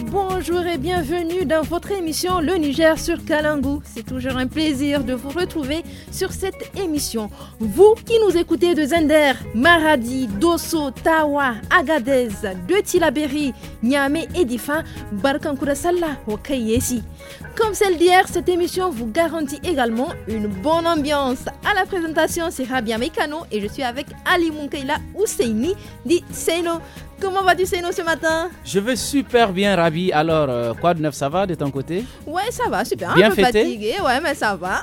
bonjour et bienvenue dans votre émission Le Niger sur Kalangou. C'est toujours un plaisir de vous retrouver sur cette émission. Vous qui nous écoutez de Zender, Maradi, Dosso, Tawa, Agadez, de Tilaberi, Niamey et Difa, Barkankoura ou comme celle d'hier, cette émission vous garantit également une bonne ambiance. À la présentation, c'est Rabia Mekano et je suis avec Ali Munkaila Ousseini dit Seino. Comment vas-tu Seino ce matin Je vais super bien Rabi. Alors, euh, quoi de neuf, ça va de ton côté Ouais, ça va, super. Bien un peu fatigué, ouais, mais ça va.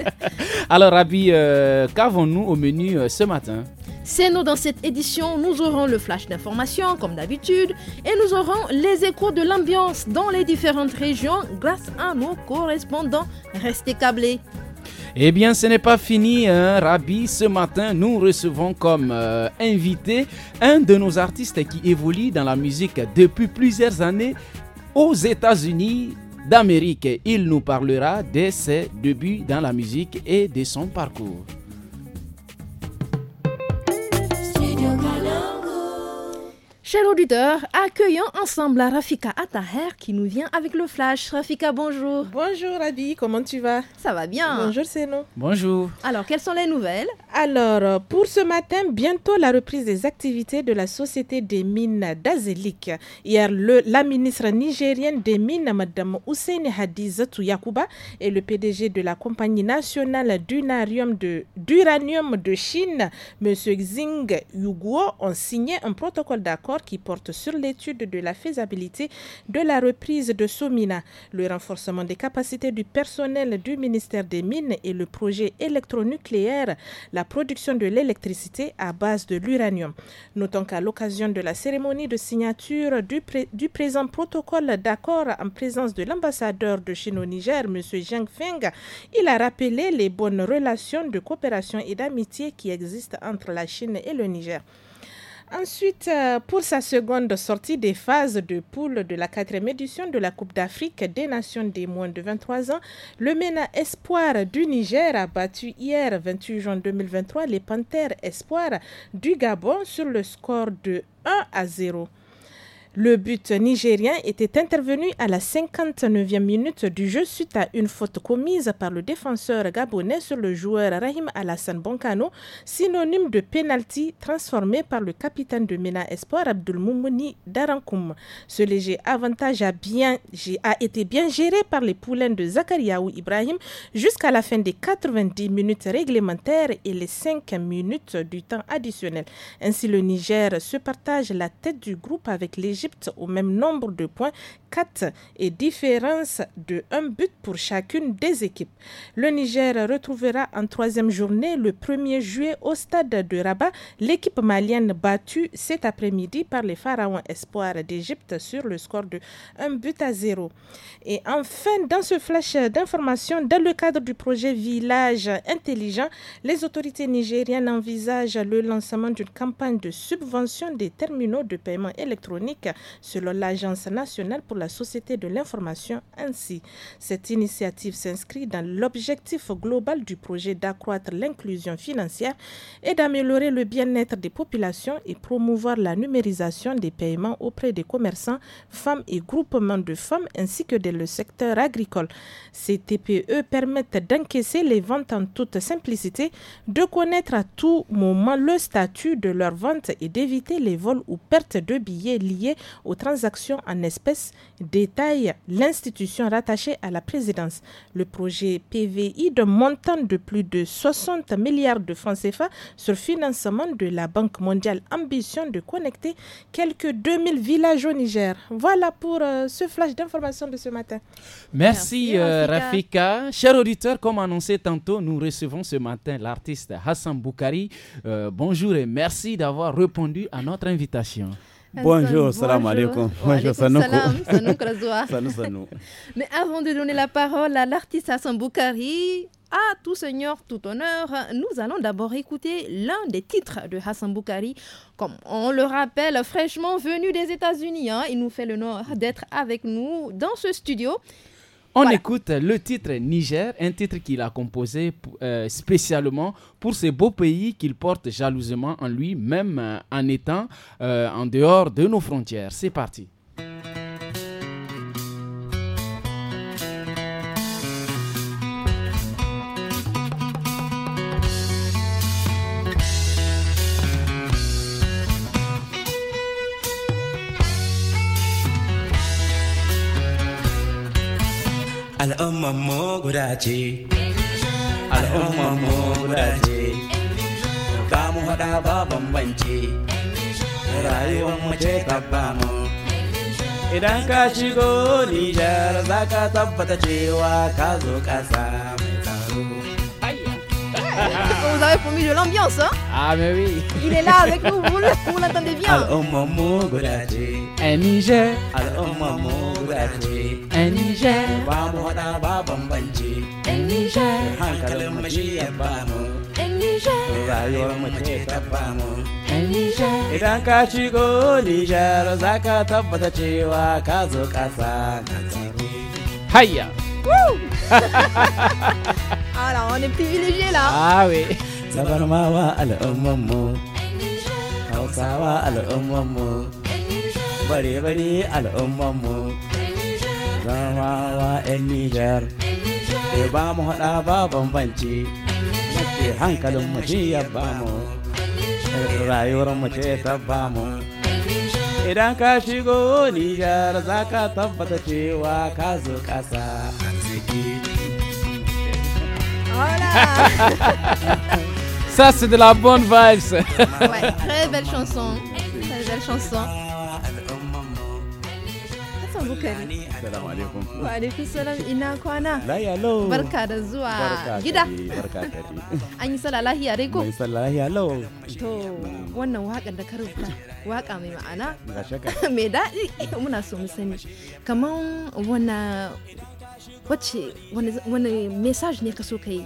Alors Rabi, euh, qu'avons-nous au menu euh, ce matin c'est nous dans cette édition, nous aurons le flash d'information comme d'habitude et nous aurons les échos de l'ambiance dans les différentes régions grâce à nos correspondants. Restez câblés. Eh bien, ce n'est pas fini, Rabbi. Hein. Rabi. Ce matin, nous recevons comme euh, invité un de nos artistes qui évolue dans la musique depuis plusieurs années aux États-Unis d'Amérique. Il nous parlera de ses débuts dans la musique et de son parcours. Chers auditeurs, accueillons ensemble Rafika Ataher qui nous vient avec le flash. Rafika, bonjour. Bonjour Adi, comment tu vas Ça va bien. Bonjour Sénon. Bonjour. Alors, quelles sont les nouvelles Alors, pour ce matin, bientôt la reprise des activités de la Société des mines d'Azélique. Hier, le, la ministre nigérienne des mines, Madame Hussein Hadizatou Yakuba, et le PDG de la compagnie nationale d'uranium de, de Chine, Monsieur Xing Yuguo, ont signé un protocole d'accord qui porte sur l'étude de la faisabilité de la reprise de Somina, le renforcement des capacités du personnel du ministère des Mines et le projet électronucléaire, la production de l'électricité à base de l'uranium. Notons qu'à l'occasion de la cérémonie de signature du, du présent protocole d'accord en présence de l'ambassadeur de Chine au Niger, M. Zheng Feng, il a rappelé les bonnes relations de coopération et d'amitié qui existent entre la Chine et le Niger. Ensuite, euh, pour sa seconde sortie des phases de poule de la quatrième édition de la Coupe d'Afrique des Nations des moins de 23 ans, le MENA Espoir du Niger a battu hier 28 juin 2023 les Panthères Espoir du Gabon sur le score de 1 à 0. Le but nigérien était intervenu à la 59e minute du jeu suite à une faute commise par le défenseur gabonais sur le joueur Rahim Alassane Bonkano, synonyme de penalty transformé par le capitaine de Mena Espoir Moumouni Darankoum. Ce léger avantage a, a été bien géré par les poulains de Zakariaou Ibrahim jusqu'à la fin des 90 minutes réglementaires et les 5 minutes du temps additionnel. Ainsi, le Niger se partage la tête du groupe avec les au même nombre de points, 4 et différence de 1 but pour chacune des équipes. Le Niger retrouvera en troisième journée le 1er juillet au stade de Rabat l'équipe malienne battue cet après-midi par les Pharaons Espoirs d'Égypte sur le score de 1 but à 0. Et enfin, dans ce flash d'information, dans le cadre du projet Village intelligent, les autorités nigériennes envisagent le lancement d'une campagne de subvention des terminaux de paiement électronique selon l'Agence nationale pour la société de l'information ainsi. Cette initiative s'inscrit dans l'objectif global du projet d'accroître l'inclusion financière et d'améliorer le bien-être des populations et promouvoir la numérisation des paiements auprès des commerçants, femmes et groupements de femmes ainsi que dans le secteur agricole. Ces TPE permettent d'encaisser les ventes en toute simplicité, de connaître à tout moment le statut de leurs ventes et d'éviter les vols ou pertes de billets liés aux transactions en espèces détaille l'institution rattachée à la présidence. Le projet PVI d'un montant de plus de 60 milliards de francs CFA sur financement de la Banque mondiale ambition de connecter quelques 2000 villages au Niger. Voilà pour euh, ce flash d'information de ce matin. Merci, euh, Rafika. cher auditeur comme annoncé tantôt, nous recevons ce matin l'artiste Hassan Boukari. Euh, bonjour et merci d'avoir répondu à notre invitation. Bonjour, salam alaikum. Bonjour, Sanou. Mais avant de donner la parole à l'artiste Hassan Boukari, à tout seigneur, tout honneur, nous allons d'abord écouter l'un des titres de Hassan Boukari. Comme on le rappelle, fraîchement venu des États-Unis, hein, il nous fait l'honneur d'être avec nous dans ce studio. On écoute le titre Niger, un titre qu'il a composé euh, spécialement pour ce beau pays qu'il porte jalousement en lui, même euh, en étant euh, en dehors de nos frontières. C'est parti. al'umman mu guda ce al'umman mu guda ce ba mu hada ba bambance rayuwar mu ce tabba idan ka shigo nijar za tabbata cewa ka zo kasa mai Vous avez promis de l'ambiance, hein Ah, mais oui. Il est là avec nous, vous, vous l'entendez bien. Un Niger. 'yan Nijar. Ba mu haɗa ba bambance. 'yan Nijar. Hankalin mu shi ya ba mu. 'yan Nijar. Rayuwar mu ce ta ba mu. 'yan Nijar. Idan ka shigo Nijar za ka tabbata cewa ka zo ƙasa na tsaro. Haya. Alors on est privilégiés là. Ah oui. Zabarmawa al'ummanmu. Hausawa al'ummanmu. Bare-bare al'ummanmu adamawa yan nijar ke ba mu haɗa ba bambanci ke hankalin mu shi ya ba mu rayuwar mu ce ta ba mu idan ka shigo Niger za ka tabbata cewa ka zo ƙasa arziki Ça, c'est de la bonne vibe. ouais, très belle chanson. Très belle chanson. barka bukari assalamu alaikum wa alaikum salam ina kwana lahiya lo. barka da zuwa gida barka da an yi sallah lahiya dai ko mai sallah lahiya lo. to wannan wakar da ka rubuta waka mai ma'ana Ga mai daɗi muna so mu sani kaman wana wacce wani message ne ka so ka yi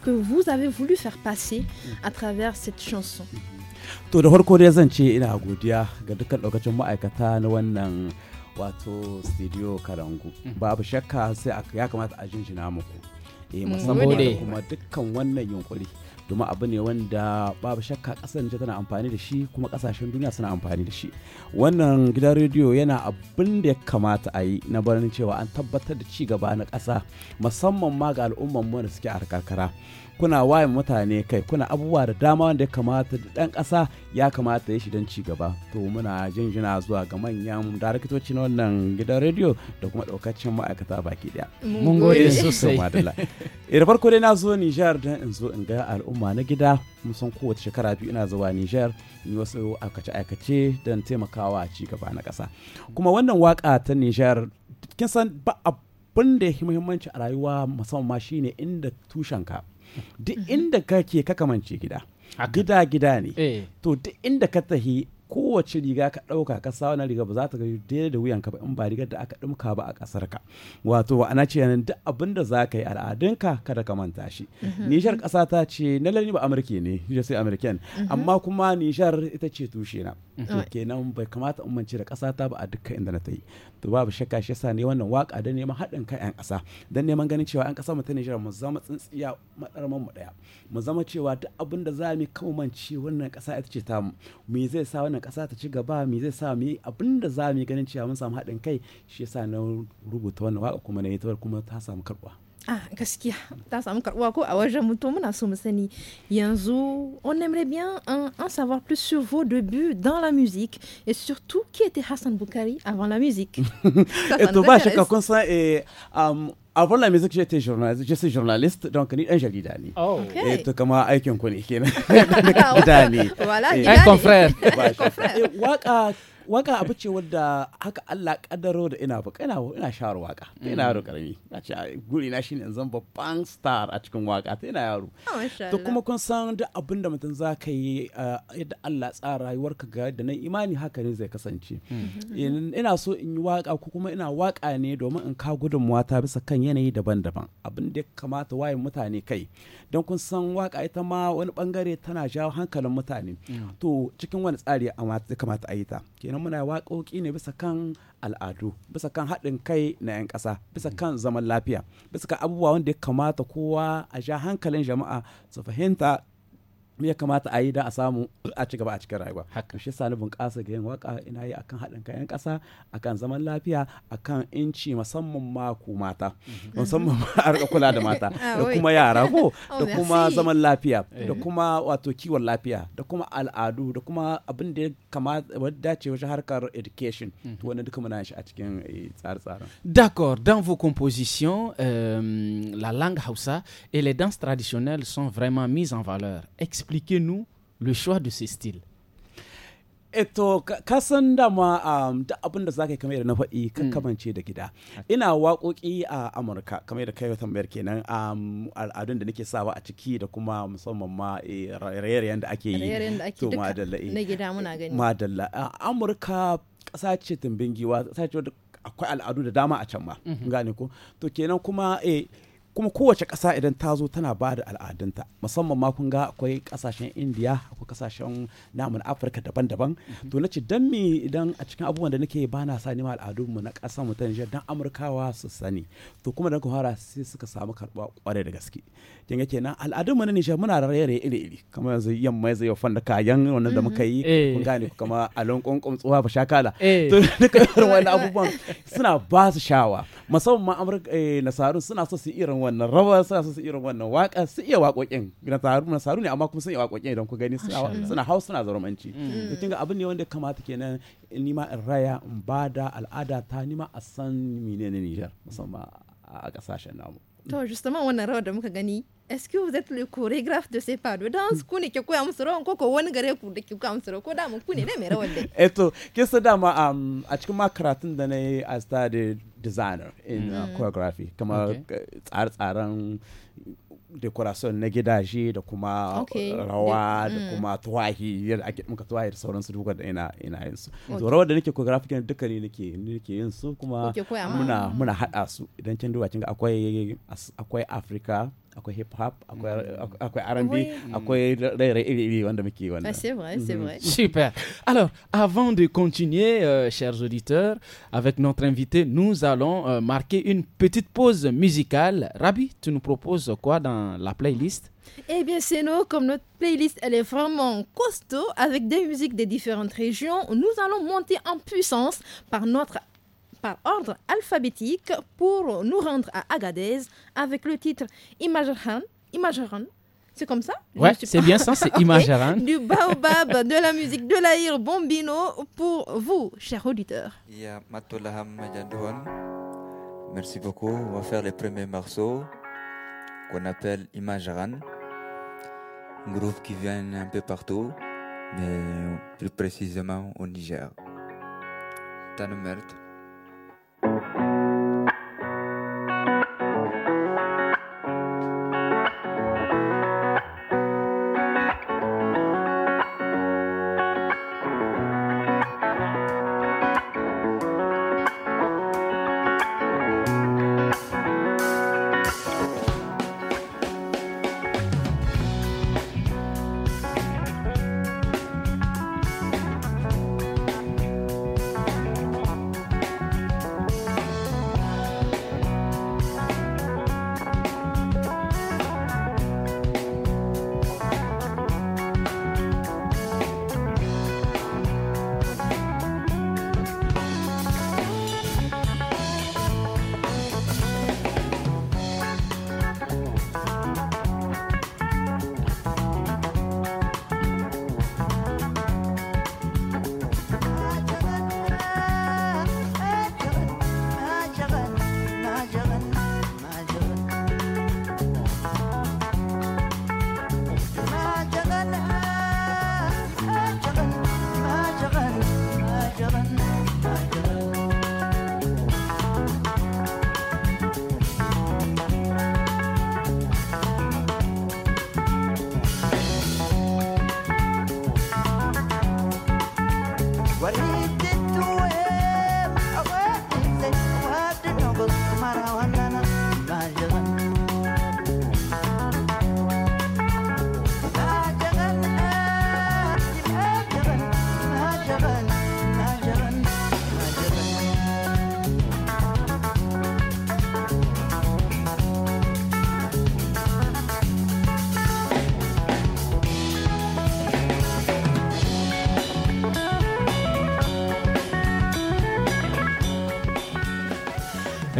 que vous avez voulu faire passer à travers cette chanson to da farko dai zan ce ina godiya ga dukkan lokacin ma'aikata na wannan wato studio karangu mhm. babu shakka sai ya kamata a jinjina muku eh musamman da kuma dukkan wannan yunkuri domin abu ne wanda babu shakka kasar Nijar tana amfani da shi kuma kasashen duniya suna amfani da shi wannan gidan rediyo yana abin da ya kamata a yi na barin cewa an tabbatar da ci gaba na kasa musamman ma ga al'ummar mu da suke a karkara kuna waye mutane kai kuna abubuwa da dama wanda ya kamata da ɗan ƙasa ya kamata ya shi don ci gaba to muna jinjina zuwa ga manyan darakitoci na wannan gidan rediyo da kuma ɗaukacin ma'aikata baki ɗaya. mun gode sosai eh, da farko dai na zo nijar don in zo in ga al'umma na gida mun san kowace shekara biyu ina zuwa nijar in yi wasu aikace-aikace don taimakawa a ci gaba na ƙasa kuma wannan waka ta nijar kin san ba abin da ya muhimmanci a rayuwa musamman ma shine inda tushenka duk inda kake ka kamance gida gida gida ne eh. to duk inda ka tafi kowace riga ka ɗauka ka sa wannan riga ba za ta ga daidai da wuyan ka ba in ba rigar da aka ɗumka ba a ƙasar ka wato ana ce nan duk abin da za ka yi al'adunka kada ka manta shi mhm. nishar ƙasa ta ce na lalini ba amurke ne nishar sai amurken mhm. amma kuma nishar ita ce tushe na kenan bai kamata in mance da ƙasa ta ba a dukkan inda na ta yi to babu shakka shi yasa ne wannan waka da neman haɗin kan 'yan ƙasa don neman ganin cewa 'yan ƙasa mu ta nishar mu zama tsintsiya matsarman mu ɗaya mu zama cewa duk abin da za mu kawo mance wannan ƙasa ita ce mu me zai sa kasa ta ci gaba mi zai sa mu abinda za mu ganin cewa mun samu haɗin kai shi yasa na rubuta wannan waka kuma na yi kuma ta samu karɓa. Ah, gaskiya ta samu karbuwa ko a wajen mutum muna so mu sani yanzu on aimerait bien en, en savoir plus sur vos débuts dans la musique et surtout qui était Hassan Boukari avant la musique. et to ba shi ka kun san eh um, avant la musique, j'étais journaliste. Je suis journaliste, donc ni un joli Dani. Oh. Et tout comme moi, avec un connu un Voilà, un confrère. waka abu ce wadda haka Allah kaddaro da ina ba ina ina shawar waka ta ina yaro karami na ce guri na shine zan babban star a cikin waka ta ina yaro oh, to kuma kun san duk abin da mutum za ka yi ah, yadda Allah tsara ka ga da nan imani haka ne zai kasance mm-hmm. ina so in yi waka ko kuma ina waka ne domin in ka gudunmuwa ta bisa kan yanayi daban-daban abin da ya kamata waye mutane kai don kun san waka ita ma wani bangare tana jawo hankalin mutane mm. to cikin wani tsari ya kamata a yi ta muna waƙoƙi ne bisa kan al'adu bisa kan haɗin kai na 'yan ƙasa bisa mm. kan zaman lafiya bisa kan abubuwa wanda ya kamata kowa a sha hankalin jama'a su fahimta ya kamata a yi da a samu a ci gaba a cikin rayuwa haka shi sani bunƙasa ga yin waka ina yi akan haɗin kayan ƙasa akan zaman lafiya akan inci musamman ma ku mata mhm. musamman ma a rika kula da mata ah, da kuma yara ko oh, da kuma zaman lafiya eh. da kuma wato kiwon lafiya da kuma al'adu da kuma abin da ya kamata wadda dace wajen harkar education to mhm. wannan duka muna shi a cikin eh, tsare-tsaren d'accord dans vos compositions euh, la langue Hausa et les danses traditionnelles sont vraiment mises en valeur Expl expliquez-nous le choix de ce style eto ka san dama um, da abin da zaka yi kamar na faɗi ka mm. kamance da gida ina waƙoƙi a amurka kamar da kai tambayar kenan um, al'adun da nake sawa a ciki da kuma musamman ma eh, raye-rayen da ake yi to madalla eh. na gida muna gani madalla amurka ƙasa ce tumbin giwa ƙasa ce akwai al'adu da dama a can ma mm-hmm. gane ko to kenan kuma eh kuma kowace ƙasa idan ta zo tana ba da al'adunta musamman ma kun ga akwai ƙasashen indiya akwai ƙasashen namun afirka daban-daban mhm. to na ce dan me idan a cikin abubuwan da nake ba na sa nima al'adunmu na ƙasa mu ta nijar dan amurkawa su sani to kuma da fara sai suka samu karɓa ƙwarai da gaske kin ga kenan al'adunmu na nijar muna raye-raye iri-iri kamar yanzu yamma yanzu yau fanda kayan wannan da mhm. muka yi eh. kun gane kama alon kunkum tsuwa ba kala eh. to duka irin wannan abubuwan suna ba su shawa musamman ma amurka eh, nasarun suna so su irin wannan rawa sa su irin wannan waka su iya waƙoƙin na taru na saru ne amma kuma sun iya waƙoƙin idan ku gani suna hausa suna zaromanci mm. to kinga abin ne wanda kamata kenan ni ma in raya in bada al'ada ta ni ma a san menene Niger musamman a kasashen namu to justement wannan rawar da muka gani est-ce que vous êtes le chorégraphe de ces pas de danse kuni ke koya amsoro ko ko wani gare ku da ke koya musu ko da mun kuni ne mai rawan dai eh to ke sa dama a um, cikin ma karatun da nayi a study designer in uh, mm. choreography kama tsare-tsaren decoration na gidaje da kuma rawa da mm. kuma tuwahi yadda ake muka tuwahi da sauransu duka da ina ina yin su to rawar da nake choreography ne duka ne nake nake yin su kuma muna muna hada su idan kin duba kin akwai akwai Africa hip hop mm-hmm. R&B mm-hmm. ah, c'est vrai c'est mm-hmm. vrai super alors avant de continuer euh, chers auditeurs avec notre invité nous allons euh, marquer une petite pause musicale Rabi tu nous proposes quoi dans la playlist eh bien, c'est nous, comme notre playlist, elle est vraiment costaud avec des musiques des différentes régions. Nous allons monter en puissance par notre par ordre alphabétique pour nous rendre à Agadez avec le titre Imajaran. Imajaran. C'est comme ça Oui, c'est bien ça, c'est Imajaran. Du baobab, de la musique de l'Aïr Bombino pour vous, chers auditeurs. Merci beaucoup. On va faire les premiers morceaux qu'on appelle Imajaran. Un groupe qui vient un peu partout, mais plus précisément au Niger. Tanumert. Thank you.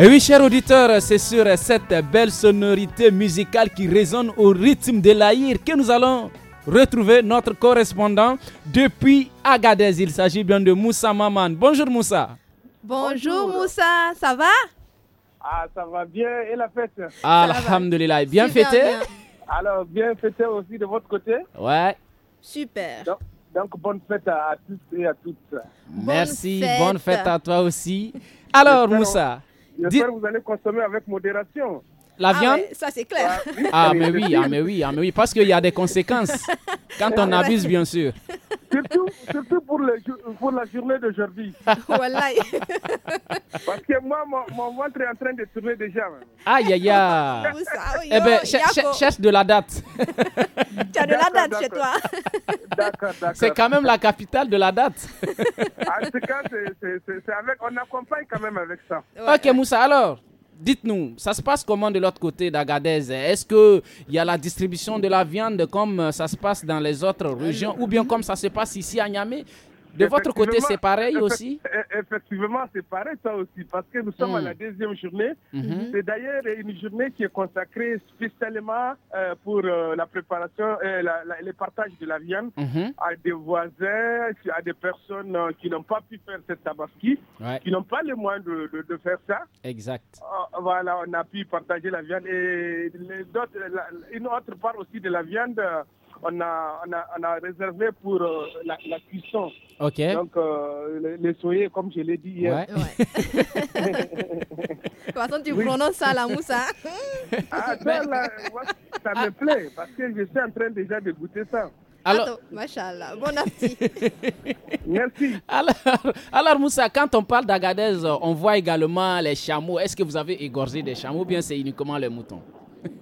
Et eh oui, chers auditeurs, c'est sur cette belle sonorité musicale qui résonne au rythme de l'Aïr que nous allons retrouver notre correspondant depuis Agadez. Il s'agit bien de Moussa Maman. Bonjour Moussa. Bonjour, Moussa, ça va Ah, ça va bien. Et la fête Alhamdulillah. Bien fêté Alors, bien fêté aussi de votre côté Ouais. Super. Donc, bonne fête à, tous et à toutes. Merci, bonne fête à toi aussi. Alors, Moussa. J'espère que vous allez consommer avec modération. La ah viande Ça, c'est clair. Ah, mais oui, ah, mais oui, ah, mais oui, parce qu'il y a des conséquences quand on abuse, bien sûr. Surtout, pour, le, pour, la journée d'aujourd'hui. Voilà. Parce que moi, mon, ventre est en train de tourner déjà. Aïe, aïe, aïe. Eh bien, cherche de la date. Tu as de la date chez toi. D'accord, d'accord. C'est quand même la capitale de la date. En tout cas, on accompagne quand même avec ça. Ok, Moussa, alors dites-nous, ça se passe comment de l'autre côté d'Agadez Est-ce qu'il y a la distribution de la viande comme ça se passe dans les autres euh, régions ou bien comme ça se passe ici à Niamey de votre côté, c'est pareil aussi e- Effectivement, c'est pareil, ça aussi, parce que nous sommes à la hmm. deuxième journée. Mhm. C'est mhm. d'ailleurs une journée qui est consacrée spécialement euh, pour euh, la préparation, et euh, la, partage de la viande mhm. à des voisins, à des personnes qui n'ont pas pu faire cette tabaski, qui n'ont pas les moyens de, faire ça. Exact. voilà, on a pu partager la viande et les autres, une autre part aussi de la viande on a, on a, réservé pour euh, la, cuisson. Ok. Donc, euh, les, soyez, comme je l'ai dit hier. Ouais. ouais. de toute façon, tu prononces ça, la moussa. Hein? ah, ça, là, ça me plaît, parce que je suis en train déjà de goûter ça. Alors, bon appétit. Merci. Alors, alors, Moussa, quand on parle d'Agadez, on voit également les chameaux. Est-ce que vous avez égorgé des chameaux ou bien c'est uniquement les moutons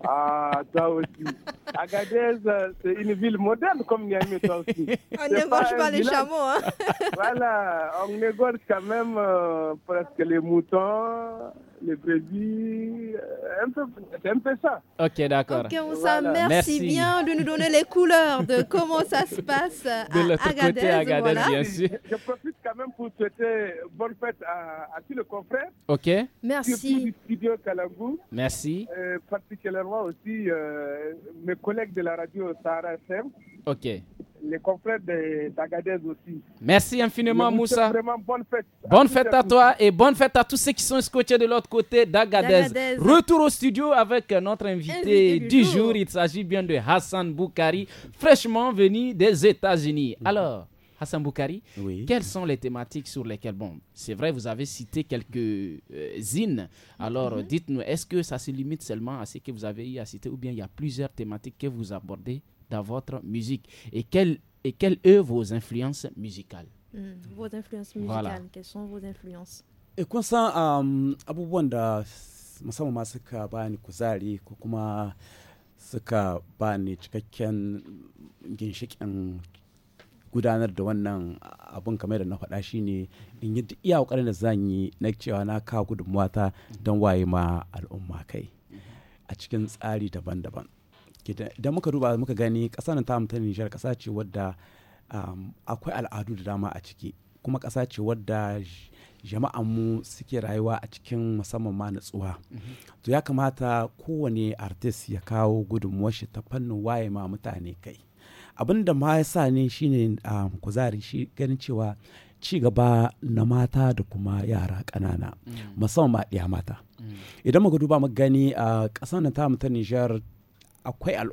ah, ça aussi. Agadez, c'est une ville moderne comme Niamey, ça aussi. On ne pas, pas les chameaux. Hein. Voilà, on négocie quand même euh, presque les moutons, le Brésil, euh, c'est un peu ça. Ok, d'accord. Ok, on voilà. merci, bien de nous donner les couleurs de comment ça se passe à Agadez. voilà. Je, profite quand même pour souhaiter bonne fête à, à tous les confrères. Ok. Merci. du studio Merci. Euh, particulièrement aussi euh, mes collègues de la radio Sahara FM. Ok les confrères d'Agadez aussi. Merci infiniment, Moussa. bonne fête. Bonne fête à, toi et bonne fête à tous ceux qui sont scotchés de l'autre côté d'Agadez. Retour au studio avec notre invité, du, jour. Il s'agit bien de Hassan Boukari, fraîchement venu des États-Unis. Mhm. Alors. Hassan Boukari, quelles sont les thématiques sur lesquelles, bon, c'est vrai, vous avez cité quelques-unes. Euh, Alors, mhm. dites-nous, est-ce que ça se limite seulement à ce que vous avez eu à citer ou bien il y a plusieurs thématiques que vous abordez dans votre musique et quelle, et quelles est vos influences musicales mmh, Vos influences musicales, voilà. quelles sont vos influences euh, abubuwan da musamman ma suka ba ni kuzari ko kuma suka ba ni cikakken ginshikin gudanar da wannan abun kamar da na faɗa shine in yi iya ƙoƙarin da zan yi na cewa na kawo ta don waye ma al'umma kai a cikin tsari daban-daban da muka duba muka gani ƙasar ta ta Nijar ƙasa ce wadda akwai al'adu da dama a ciki kuma ƙasa ce wadda jama'an mu suke rayuwa a cikin musamman ma natsuwa mm-hmm. to ya kamata kowane artist ya kawo gudunmuwar shi ta fannin waye ma mutane kai abin da ma ya sa ne shine kuzari shi ganin cewa ci gaba na mata da kuma yara ƙanana mm. musamman ma ɗiya mata mm. idan muka duba mu gani a ƙasar ta mu ta Nijar akwai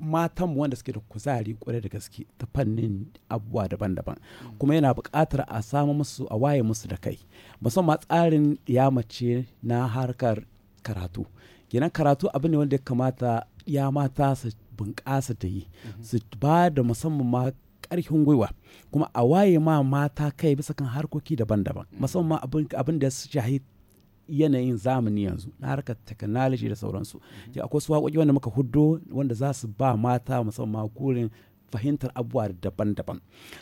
matan wanda suke da kuzari kwarai da gaske ta fannin abubuwa daban-daban kuma yana buƙatar a samu musu a waye musu da kai musamman tsarin ya mace na harkar karatu kenan karatu abu ne wanda ya kamata ya mata su bunƙasa da yi su ba da musamman ma ƙarfin gwiwa kuma a waye ma mata kai bisa kan harkoki daban-daban musamman abin da su shahi yanayin zamani yanzu na harkar technology da sauransu ya akwai su waƙoƙi wanda muka huddo wanda za su ba mata musamman gurin fahimtar abubuwa daban-daban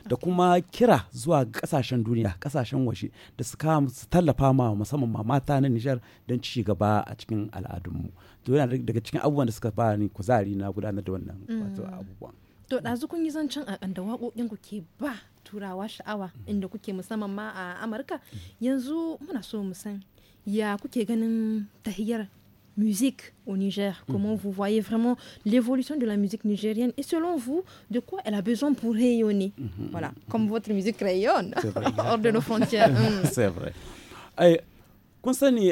da kuma kira zuwa kasashen duniya kasashen washe da su su tallafa ma musamman ma mata na nijar don ci gaba a cikin al'adunmu to yana daga cikin abubuwan da suka ba ni kuzari na gudanar da wannan mm. wato abubuwan to ɗazu kun yi zancen a da waƙoƙin ku ke ba turawa sha'awa mm. inda kuke musamman ma a amurka mm. yanzu muna so mu san Il ya kuke ganin tahiyar musique au Niger mm. Comment vous voyez vraiment l'évolution de la musique nigérienne Et selon vous, de quoi elle a besoin pour rayonner mm-hmm. Voilà, comme votre musique rayonne vrai, hors de nos frontières. Mm. C'est vrai. Et kun sani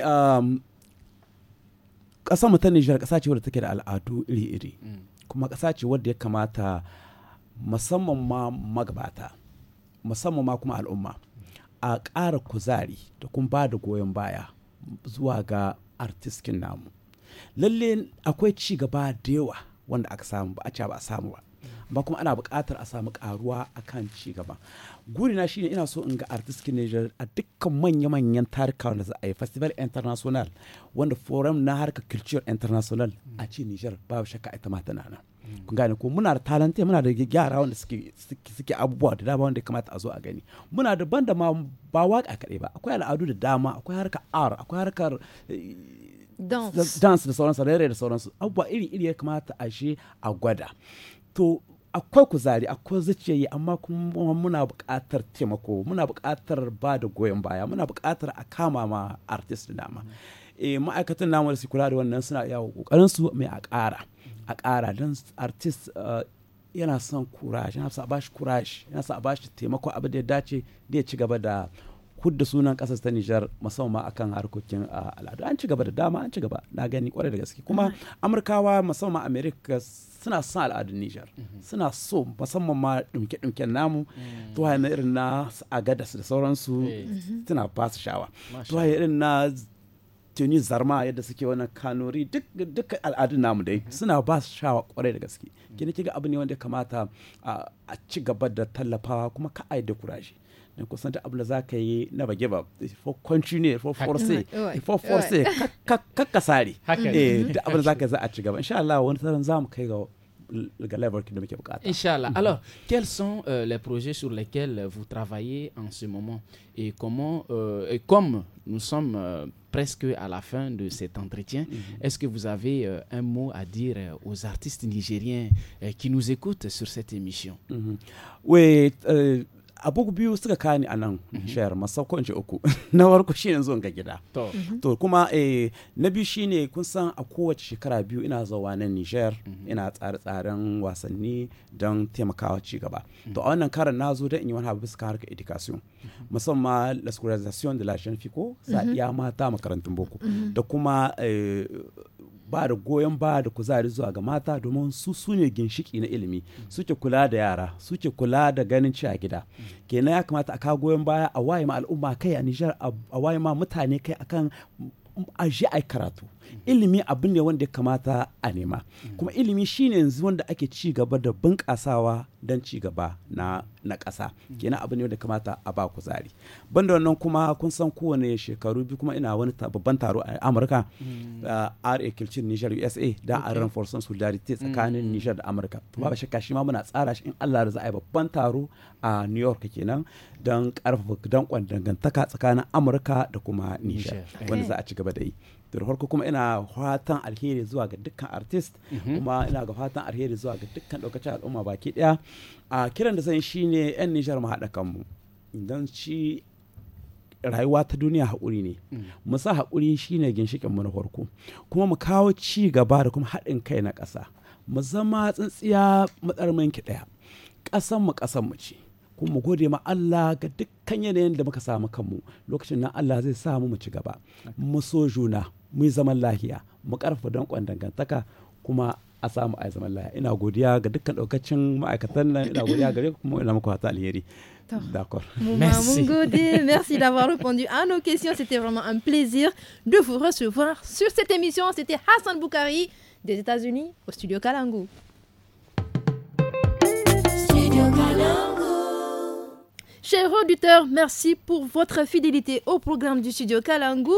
ƙasar mu ta Niger ƙasa ce wadda take da al'adu iri-iri, mm. kuma ƙasa ce wadda ya kamata musamman ma magabata, musamman ma kuma al'umma a ƙara kuzari da kuma ba da goyon baya zuwa ga artiskin namu lalle akwai ci gaba da yawa wanda aka samu ba a ci ba a samu ba amma kuma ana buƙatar a samu karuwa akan ci gaba gurina shine ina so in ga artist Niger a dukkan manya-manyan tarika da za a yi festival international wanda forum na harkar culture international a ce Niger babu shakka ita mata tana kun gane ko muna da talante muna da gyara wanda suke suke abubuwa da dama wanda ya kamata a zo a gani muna da banda ma ba waka kadai ba akwai al'adu da dama akwai harkar art akwai harkar eh, dance da sauransu rere da sauransu abubuwa iri iri ya kamata a shi a gwada to akwai kuzari akwai zuciyayi amma kuma muna buƙatar taimako muna buƙatar ba da goyon baya muna buƙatar a kama ma artist da dama e, ma'aikatan namu da su kula da wannan suna yawo ƙoƙarin su mai a ƙara a ƙara don artist eh, yana son kurashi yana son a bashi kurash yana son a bashi taimako abin da ya dace da ya ci gaba da hudda sunan kasar ta Nijar musamman akan harkokin eh, al'adu an ci gaba da dama an ci gaba na gani kwarai da gaske kuma Amurkawa musamman America suna son al'adun Nijar mhm. suna so musamman ma dumke dumken namu mm. to na irin na agadas da sauransu eh. mhm. suna ba su shawa tuwaye irin na tuni zarma yadda suke wannan kanori duk al'adun namu dai mhm. suna ba su shawa kwarai da gaske mm. kina kiga abu ne wanda kamata a ci gaba da tallafawa kuma ka da kuraje ne il faut continuer il faut forcer il faut forcer eh da za Alors, quels sont euh, les projets sur lesquels vous travaillez en ce moment et comment, euh, et comme nous sommes euh, presque à la fin de cet entretien, mm-hmm. est-ce que vous avez un mot à dire aux artistes nigériens qui nous écoutent sur cette émission -hmm. Oui a buku biyu suka kani a nan mhm. shayar masa ko in uku na farko shine zuwan ga gida to mhm. kuma eh, na biyu shine kun san a kowace shekara biyu ina zuwa nan nijar mhm. ina tsare-tsaren wasanni don taimakawa ci gaba to a wannan karan na zo don in yi wani abu suka harkar education musamman la scolarisation de la jeune fille ko sa iya mata makarantun boko da kuma eh, ba da goyon baya da kuzari zuwa ga mata domin su su ne ginshiki na ilimi suke kula da yara suke kula da ganin ci a gida kenan ya kamata a ka goyon baya a waye ma al'umma kai a Nijar a waye ma mutane kai akan aje ai karatu ilimi abin ne wanda ya kamata a nema kuma ilimi shine yanzu wanda ake ci gaba da bunƙasawa don ci gaba na na ƙasa kenan abin ne wanda kamata a ba kuzari banda wannan kuma kun san kowane shekaru biyu kuma ina wani babban taro a Amurka uh, RA kilcin Niger USA da a ran reinforcing solidarity mm. tsakanin nijar da Amurka ba ba mm. shakka shi ma muna tsara shi in Allah da za a yi babban taro a New York kenan don karfafa dankon dangantaka tsakanin Amurka da kuma Niger wanda za a ci gaba da yi da farko kuma ina fatan alheri zuwa ga dukkan artist mhm. kuma ina ga fatan alheri zuwa ga dukkan lokacin al'umma baki ɗaya a kiran da zan shi ne 'yan nijar mu haɗa kanmu don shi rayuwa ta duniya haƙuri ne mm. mu sa haƙuri shine ginshiƙin mu na farko kuma mu kawo ci gaba da kuma haɗin kai na ƙasa mu zama tsintsiya matsar ɗaya ƙasan mu ƙasan mu ce kuma mu gode ma Allah ga dukkan yanayin da muka samu kanmu lokacin nan Allah zai samu mu ci gaba mu so juna mu yi zaman lahiya mu karfa danƙon dangantaka kuma a samu a zaman lahiya ina godiya ga dukkan ɗaukacin ma'aikatan nan ina godiya gare kuma ina muku fata alheri D'accord. Merci. merci d'avoir répondu à nos questions. C'était vraiment un plaisir de vous recevoir sur cette émission. C'était Hassan Boukari des États-Unis au studio Kalangu. Chers auditeurs, merci pour votre fidélité au programme du studio Kalangu.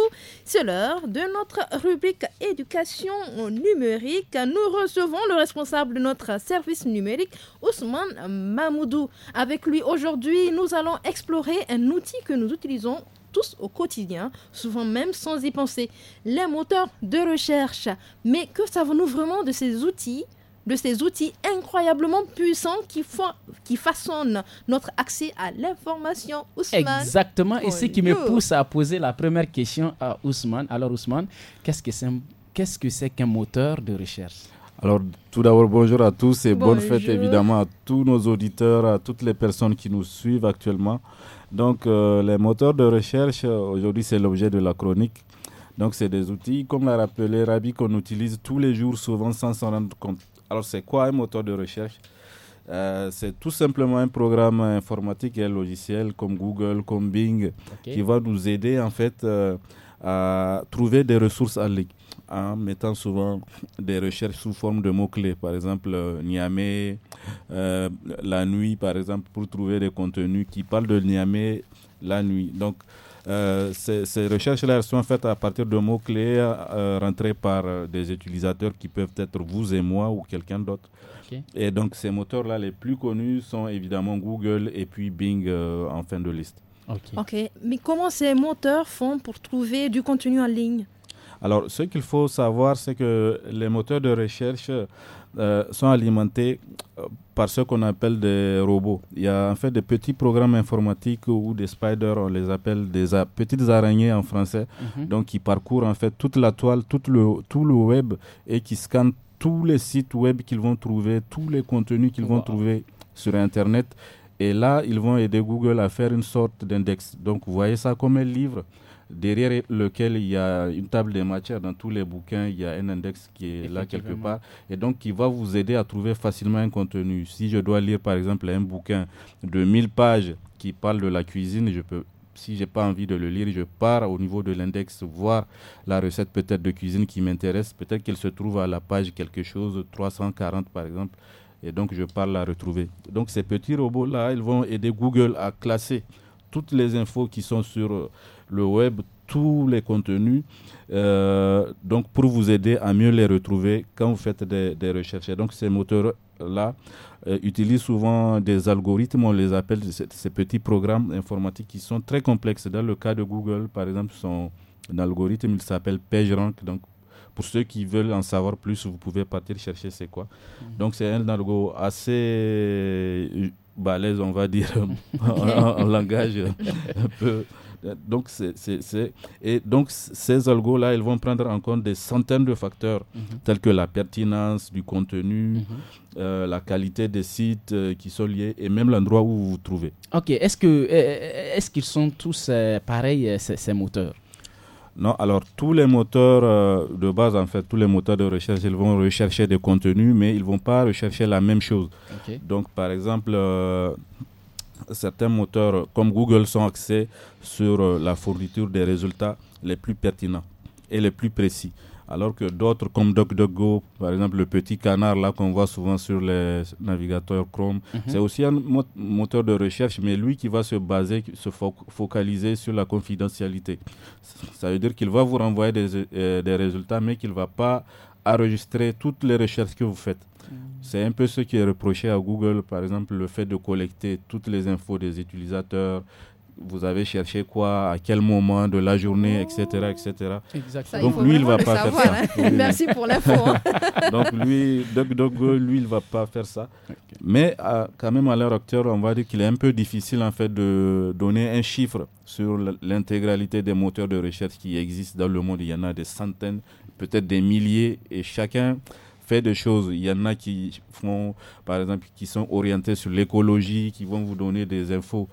C'est l'heure de notre rubrique éducation numérique. Nous recevons le responsable de notre service numérique, Ousmane Mamoudou. Avec lui aujourd'hui, nous allons explorer un outil que nous utilisons tous au quotidien, souvent même sans y penser, les moteurs de recherche. Mais que savons-nous vraiment de ces outils de ces outils incroyablement puissants qui, font, qui façonnent notre accès à l'information, Ousmane. Exactement, et ce qui me pousse à poser la première question à Ousmane. Alors Ousmane, qu'est-ce que c'est qu'un moteur de recherche alors, tout d'abord, bonjour à tous et bonne fête évidemment à tous nos auditeurs, à toutes les personnes qui nous suivent actuellement. Donc, euh, les moteurs de recherche, aujourd'hui, c'est l'objet de la chronique. Donc, c'est des outils, comme l'a rappelé Rabi, qu'on utilise tous les jours, souvent sans s'en rendre compte. Alors, c'est quoi un moteur de recherche euh, c'est tout simplement un programme informatique et un logiciel comme Google, comme Bing, qui va nous aider en fait euh, à trouver des ressources en ligne en mettant souvent des recherches sous forme de mots-clés. Par exemple, euh, Niamey, euh, la nuit, par exemple, pour trouver des contenus qui parlent de Niamey la nuit. Donc, euh, ces, recherches-là sont faites à partir de mots-clés rentrés par des utilisateurs qui peuvent être vous et moi ou quelqu'un d'autre. Et donc ces moteurs-là, les plus connus sont évidemment Google et puis Bing en fin de liste. ok, mais comment ces moteurs font pour trouver du contenu en ligne alors, ce qu'il faut savoir, c'est que les moteurs de recherche euh, sont alimentés euh, par ce qu'on appelle des robots. Il y a en fait des petits programmes informatiques ou des spiders, on les appelle des petites araignées en français, mhm. donc qui parcourent en fait toute la toile, tout le, tout le web et qui scannent tous les sites web qu'ils vont trouver, tous les contenus qu'ils vont trouver sur Internet. Et là, ils vont aider Google à faire une sorte d'index. Donc, vous voyez ça comme un livre derrière lequel il y a une table des matières dans tous les bouquins, il y a un index qui est là quelque part, et donc qui va vous aider à trouver facilement un contenu. Si je dois lire par exemple un bouquin de 1000 pages qui parle de la cuisine, je peux si j'ai pas envie de le lire, je pars au niveau de l'index voir la recette peut-être de cuisine qui m'intéresse. Peut-être qu'elle se trouve à la page quelque chose, 340 par exemple. Et donc, je pars la retrouver. Donc, ces petits robots-là, ils vont aider Google à classer toutes les infos qui sont sur euh, le web, tous les contenus, euh, donc pour vous aider à mieux les retrouver quand vous faites des, recherches. Et donc ces moteurs-là euh, utilisent souvent des algorithmes, on les appelle ces, petits programmes informatiques qui sont très complexes. Dans le cas de Google, par exemple, son algorithme, il s'appelle PageRank, donc pour ceux qui veulent en savoir plus, vous pouvez partir chercher c'est quoi. Mmh. Donc c'est un algo assez euh, balèze, on va dire, en, en, langage un peu donc, Et donc ces algos-là, ils vont prendre en compte des centaines de facteurs mhm. tels que la pertinence du contenu, mhm. euh, la qualité des sites euh, qui sont liés et même l'endroit où vous vous trouvez. Ok, est-ce qu'ils eh, eh, est qu'ils sont tous euh, pareils, ces, moteurs non, alors tous les moteurs de base, en fait, tous les moteurs de recherche, ils vont rechercher des contenus, mais ils ne vont pas rechercher la même chose. Donc, par exemple, certains moteurs comme Google sont axés sur euh, la fourniture des résultats les plus pertinents et les plus précis. Alors que d'autres comme DuckDuckGo, par exemple le petit canard là qu'on voit souvent sur les navigateurs Chrome, mhm. c'est aussi un moteur de recherche, mais lui qui va se baser, se focaliser sur la confidentialité. Ça veut dire qu'il va vous renvoyer des, euh, des résultats, mais qu'il ne va pas enregistrer toutes les recherches que vous faites. C'est un peu ce qui est reproché à Google, par exemple, le fait de collecter toutes les infos des utilisateurs. Vous avez cherché quoi, à quel moment de la journée, etc. etc. Donc lui, il va pas faire ça. Merci pour l'info. donc lui, Doug, lui, il va pas faire ça. Mais quand même, à l'heure actuelle, on va dire qu'il est un peu difficile en fait de donner un chiffre sur l'intégralité des moteurs de recherche qui existent dans le monde. Il y en a des centaines, peut-être des milliers, et chacun fait des choses. Il y en a qui font, par exemple, qui sont orientés sur l'écologie, qui vont vous donner des infos.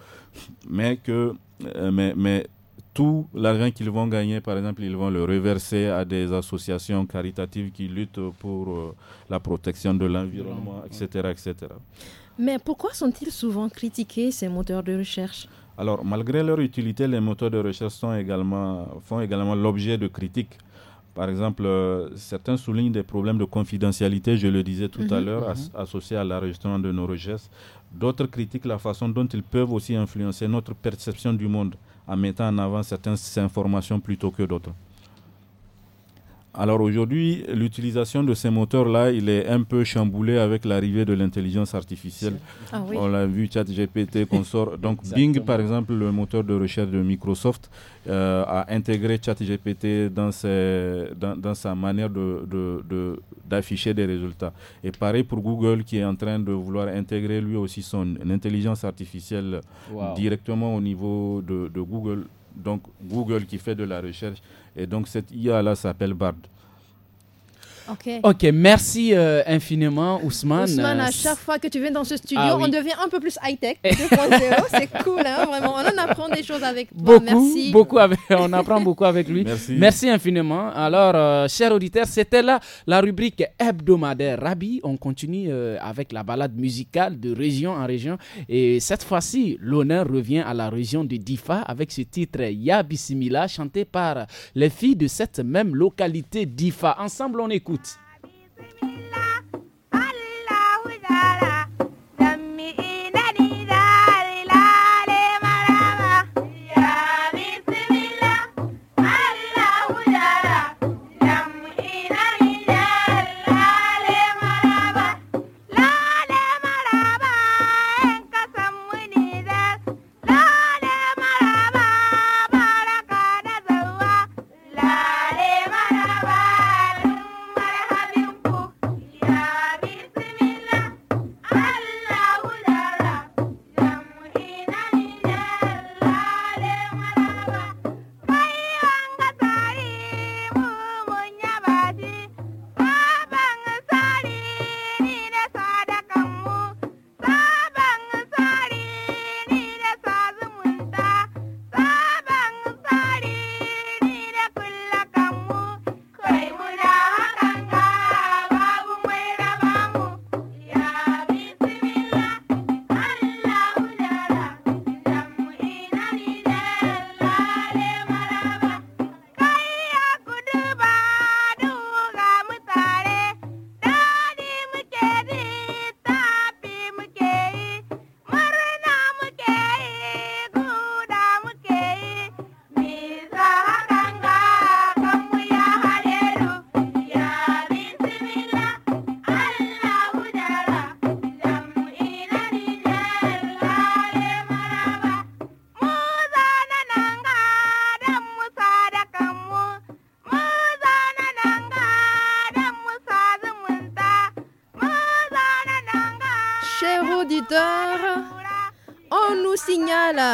Mais que, euh, mais, mais tout l'argent qu'ils vont gagner, par exemple, ils vont le reverser à des associations caritatives qui luttent pour euh, la protection de l'environnement, etc., etc. Mais pourquoi sont-ils souvent critiqués, ces moteurs de recherche Alors, malgré leur utilité, les moteurs de recherche sont également, font également l'objet de critiques. Par exemple, euh, certains soulignent des problèmes de confidentialité, je le disais tout à mhm. l'heure, mhm. associés à l'enregistrement de nos gestes. D'autres critiquent la façon dont ils peuvent aussi influencer notre perception du monde en mettant en avant certaines informations plutôt que d'autres. Alors aujourd'hui, l'utilisation de ces moteurs-là, il est un peu chamboulé avec l'arrivée de l'intelligence artificielle. Ah On l'a vu, ChatGPT, consort. Donc Bing, par exemple, le moteur de recherche de Microsoft, euh, a intégré ChatGPT dans, dans, sa manière d'afficher des résultats. Et pareil pour Google, qui est en train de vouloir intégrer lui aussi son intelligence artificielle directement au niveau de Google donc Google qui fait de la recherche. Et donc cette IA-là s'appelle BARD. Ok, merci euh, infiniment, Ousmane. Ousmane, à euh, chaque fois que tu viens dans ce studio, ah on devient un peu plus high-tech. Eh. C'est cool, hein, vraiment. On apprend des choses avec toi. Beaucoup, merci. Beaucoup on apprend beaucoup avec lui. Merci. infiniment. Alors, euh, chers auditeurs, c'était là la rubrique hebdomadaire Rabi. On continue avec la balade musicale de région en région. Et cette fois-ci, l'honneur revient à la région de Difa avec ce titre Yabissimila, chanté par les filles de cette même localité Difa. Ensemble, on écoute. Tschüss.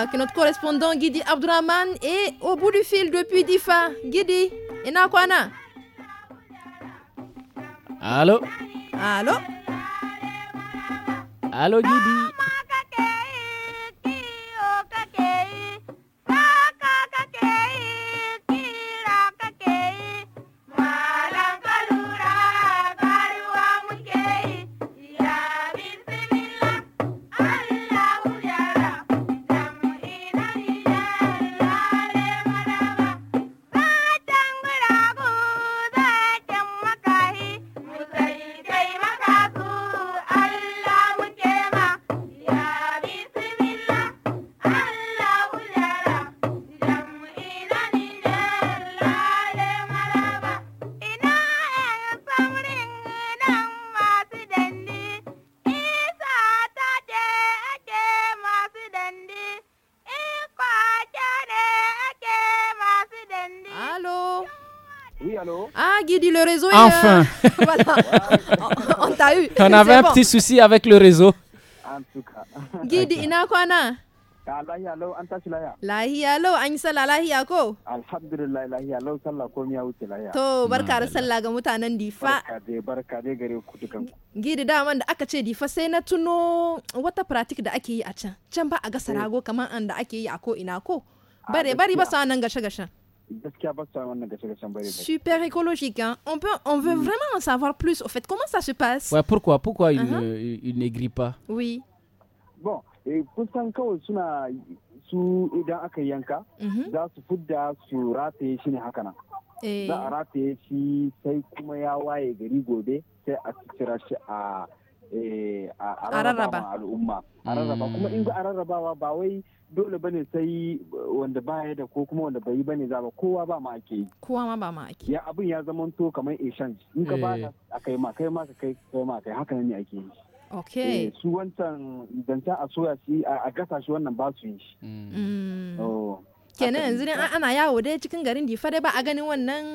avec notre correspondant Guidi Abdurrahman et au bout du fil depuis Difa. Guidi, là? Allô Allô Allô Guidi enfin. Euh, voilà. on, on t'a eu. On avait un petit souci avec le réseau. En tout cas. Guide, ina kwana? lahiya lau an tashi lahiya. Lahiya lau an yi sallah lahiya ko? Alhamdulillah lahiya lau sallah ko ya wuce To barka da sallah ga mutanen difa. Barka dai barka dai gare ku dukan. Gidi daman da aka ce difa sai na tuno wata pratik da ake yi a can. Can ba a gasa rago eh. an da ake yi a ko ina ko? Bare bari ba sa nan gashe Super écologique. Hein. On, peut, on veut mm. vraiment en savoir plus. Au fait, comment ça se passe ouais, Pourquoi Pourquoi il, uh-huh. euh, il, il n'aigrit pas Oui. Bon, et kusan kawai suna su idan aka yanka za su fudda su rataye shi ne haka nan. Za a rataye shi sai kuma ya waye gari gobe sai a cira shi a a rarraba al'umma. A rarraba kuma in za a rarrabawa ba wai dole bane sai wanda baya da ko kuma wanda bai bane za ba kowa ba ma ake yi kowa ma ba ma ake ya abin ya zama to kamar ishan in ka ba eh. a kai ma kai ma ka kai kai ma kai haka ne ake yi okay eh, su wancan idan ta a soya shi a gasa shi wannan ba su yi mm. Mm. Oh. kenan yanzu ne ana yawo dai cikin garin difa dai ba a ganin wannan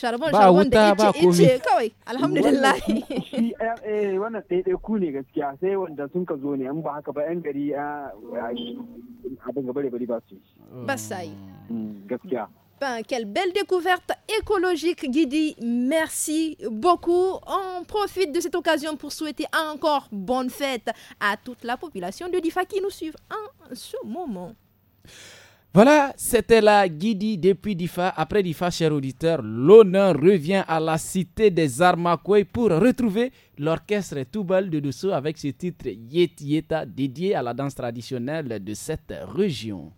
sharbon sharbon da ice ice kawai alhamdulillah eh, eh wannan dai ku ne gaskiya sai wanda sun ka zo ne an ba haka ba yan gari a abin gaba da bari ba su ba sai mm, gaskiya Ben, quelle belle découverte écologique, Guidi. Merci beaucoup. On profite de cette occasion pour souhaiter encore bonne fête à toute la population de Difa qui nous suivent en ce moment. Voilà, c'était la Guidi depuis Difa. Après Difa, chers auditeurs, l'honneur revient à la cité des Armakoué pour retrouver l'orchestre Toubal de Dosso avec ce titre Yeta, dédié à la danse traditionnelle de cette région.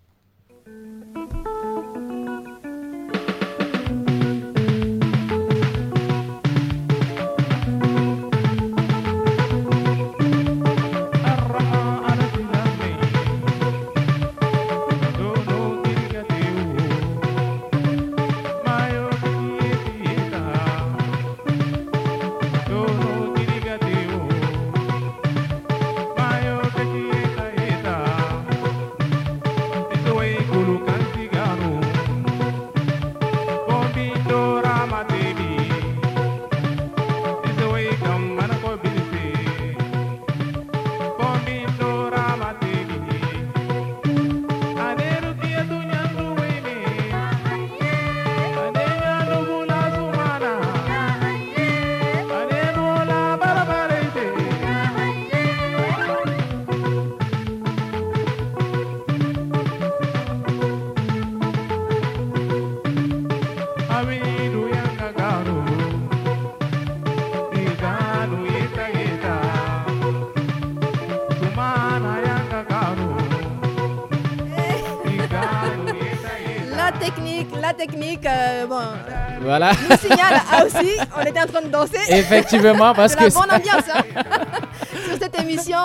Voilà. Nous signale, aussi, on était en train de danser. Effectivement, parce de la bonne ambiance hein, sur cette émission.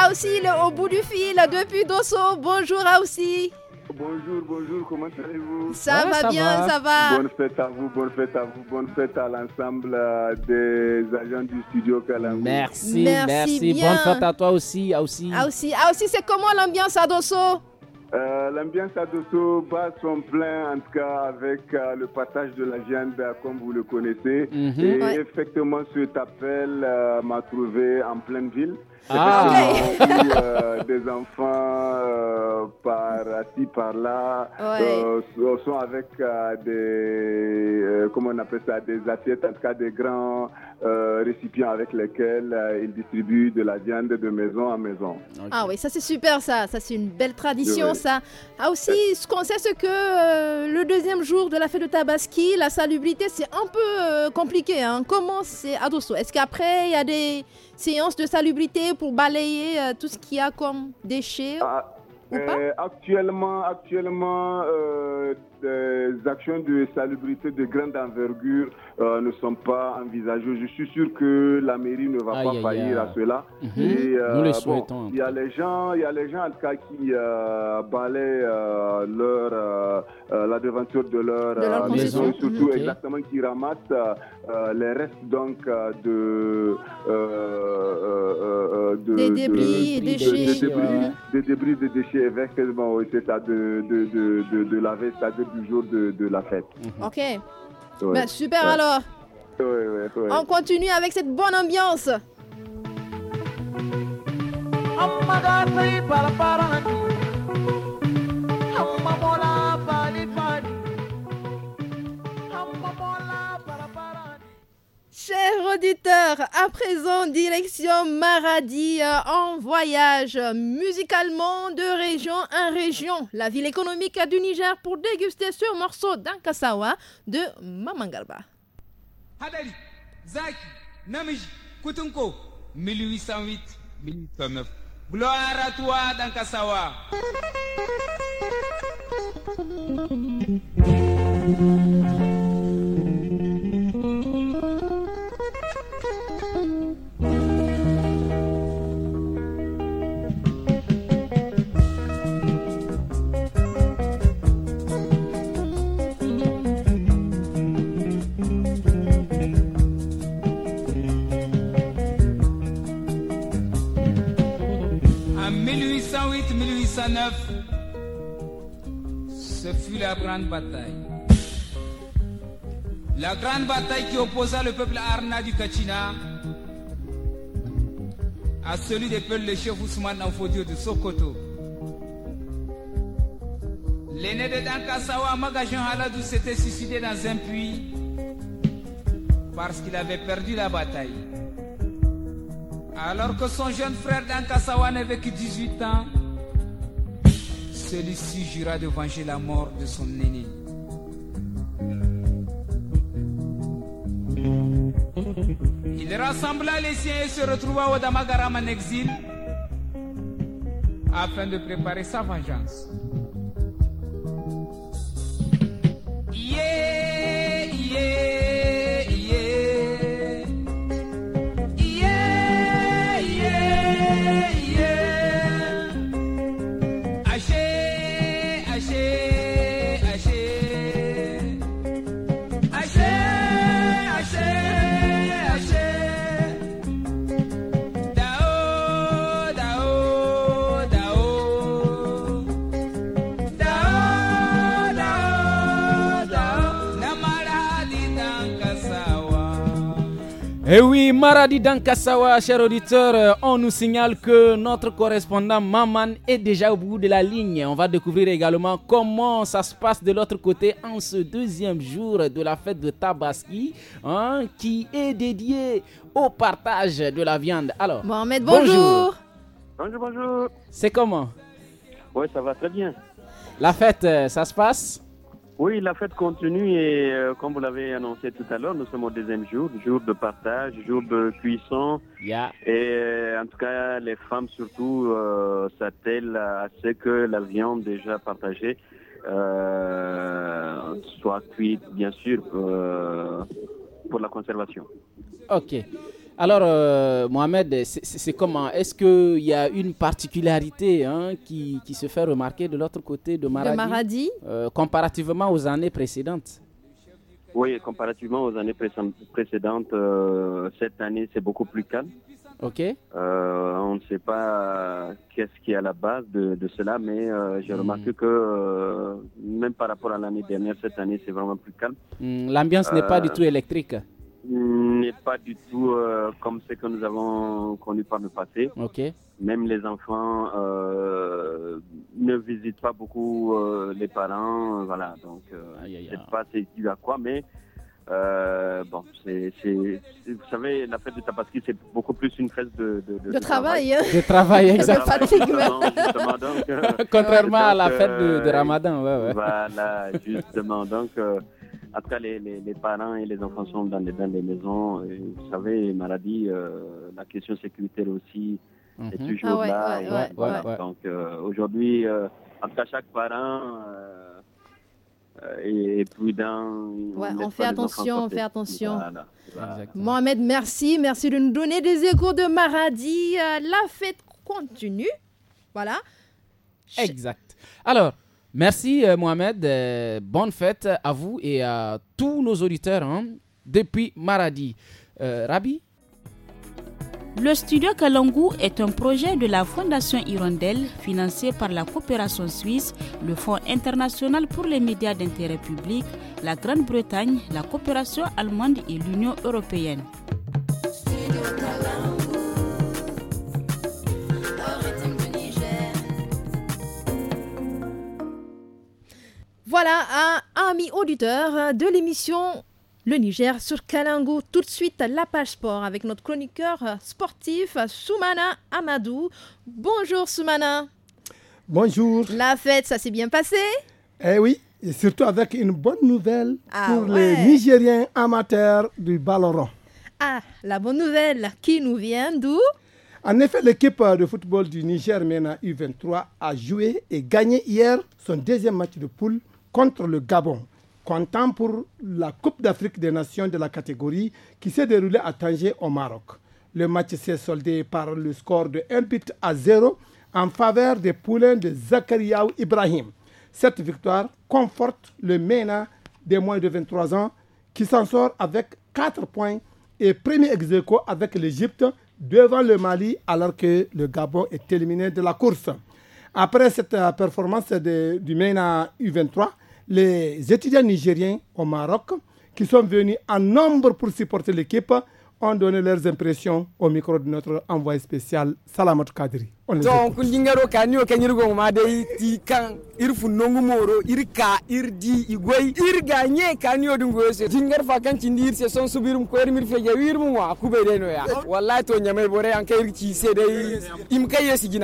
A aussi, le, au bout du fil, depuis Dosso. Bonjour, aussi. Bonjour, bonjour, comment allez-vous ça, va bien, ça va. Bonne fête à vous, bonne fête à vous, bonne fête à l'ensemble euh, des agents du studio Calamou. Merci, merci, Bonne fête à toi aussi, A aussi. aussi c'est comment l'ambiance à Dosso euh, l'ambiance à Dosso bat son plein, en tout cas avec euh, le partage de la viande, euh, comme vous le connaissez. Mhm. Et effectivement, cet appel m'a trouvé en pleine ville. Ah. Euh, des enfants par-ci, par-là, sont avec euh, des, euh, comment on appelle ça, des assiettes, en tout cas des grands récipients avec lesquels ils distribuent de la viande de maison en maison. Ah oui, ça c'est super ça, ça c'est une belle tradition ça. Ah aussi, ce qu'on sait c'est que le deuxième jour de la fête de Tabaski, la salubrité c'est un peu compliqué. Hein. Comment c'est, adosso est-ce qu'après il y a des séance de salubrité pour balayer euh, tout ce qu'il y a comme déchets ah, euh, Actuellement, actuellement euh, des actions de salubrité de grande envergure ne sont pas envisagées. Je suis sûr que la mairie ne va pas faillir à cela. Mhm. Nous le souhaitons. Il y a les gens, il y a les gens en tout cas qui balaient leur la devanture de leur, maison, surtout exactement qui ramassent euh, les restes donc euh, euh, de, des débris et déchets, des débris, déchets c'est de de, la veste à dire du jour de, la fête. Mhm. Ok. Ben, super alors. On continue avec cette bonne ambiance. Auditeur, à présent, direction Maradi, euh, en voyage musicalement de région en région, la ville économique du Niger pour déguster ce morceau d'Ankasawa de Mamangalba. Hadali Zaki, Namiji, Kutunko, 1808, 1809. Gloire à toi, Dankasawa. ce fut la grande bataille. La grande bataille qui opposa le peuple Arna du Kachina à celui des peuples de chef Ousmane Fodio de Sokoto. L'aîné de Dankasawa, Magajan Haladou, s'était suicidé dans un puits parce qu'il avait perdu la bataille. Alors que son jeune frère Dankasawa n'avait que 18 ans, celui-ci jura de venger la mort de son aîné. Il rassembla les siens et se retrouva au Damagaram en exil afin de préparer sa vengeance. Maradi Dankasawa, chers auditeurs, euh, on nous signale que notre correspondant Maman est déjà au bout de la ligne. On va découvrir également comment ça se passe de l'autre côté en ce deuxième jour de la fête de Tabaski, hein, qui est dédiée au partage de la viande. Alors, Mohamed, bonjour. Bonjour, bonjour. C'est comment Oui, ça va très bien. La fête, euh, ça se passe oui, la fête continue et euh, comme vous l'avez annoncé tout à l'heure, nous sommes au deuxième jour, jour de partage, jour de cuisson. Et euh, en tout cas, les femmes surtout euh, s'attellent à ce que la viande déjà partagée soit cuite, bien sûr, pour la conservation. Ok. Alors, euh, Mohamed, c'est comment Est-ce qu'il y a une particularité hein, qui, se fait remarquer de l'autre côté de Maradi, euh, comparativement aux années précédentes Oui, comparativement aux années précédentes, euh, cette année, c'est beaucoup plus calme. Ok. on ne sait pas qu'est-ce qui est à la base de, cela, mais j'ai hmm. remarqué que même par rapport à l'année dernière, cette année, c'est vraiment plus calme. Hmm, l'ambiance n'est pas du tout électrique. Hmm, n'est pas du tout euh, comme ce que nous avons connu par le passé. Ok. Même les enfants euh, ne visitent pas beaucoup euh, les parents. Voilà, donc aïe, je ne sais pas c'est dû à quoi, mais bon, c'est, vous savez, la fête de Tabaski, c'est beaucoup plus une fête de, de, travail. De travail, hein. exactement. Contrairement à la fête de, Ramadan, Voilà, justement. Donc, après, les, les, parents et les enfants sont dans les, dans les maisons. vous savez, maladie, euh, la question sécuritaire aussi est mhm. toujours ah là. Donc euh, aujourd'hui, après euh, chaque parent et, prudent. on, fait attention, on fait attention. Mohamed, merci. Merci de nous donner des échos de maladie. la fête continue. Voilà. Exact. Alors, Merci euh, Mohamed. Euh, bonne fête à vous et à tous nos auditeurs hein, depuis Maradi. Euh, Rabi Le studio Kalangu est un projet de la Fondation Hirondelle financé par la coopération suisse, le Fonds international pour les médias d'intérêt public, la Grande-Bretagne, la coopération allemande et l'Union européenne. Voilà un ami auditeur de l'émission Le Niger sur Kalango. Tout de suite, la page sport avec notre chroniqueur sportif Soumana Amadou. Bonjour Soumana. Bonjour. La fête, ça s'est bien passé Eh oui, et surtout avec une bonne nouvelle ah pour les Nigériens amateurs du ballon Ah, la bonne nouvelle qui nous vient d'où en effet, l'équipe de football du Niger MENA U23 a joué et gagné hier son deuxième match de poule contre le Gabon, comptant pour la Coupe d'Afrique des Nations de la catégorie qui s'est déroulée à Tanger au Maroc. Le match s'est soldé par le score de 1 but à 0 en faveur des poulains de Zakariaou Ibrahim. Cette victoire conforte le MENA des moins de 23 ans qui s'en sort avec 4 points et premier ex avec l'Egypte devant le Mali alors que le Gabon est éliminé de la course. Après cette euh, performance de, du MENA U23, les étudiants nigériens au Maroc qui sont venus en nombre pour supporter l'équipe ont donné leurs impressions au micro de notre envoyé spécial Salamat Kadri. donc jingaro ka niyo ke Tikan, ma dai ti kan ir fu nongu moro ir ka di se son subirum ko ir ya fe ge wir de no ya wallahi to nyamay bore an kay se dai im imdi yesi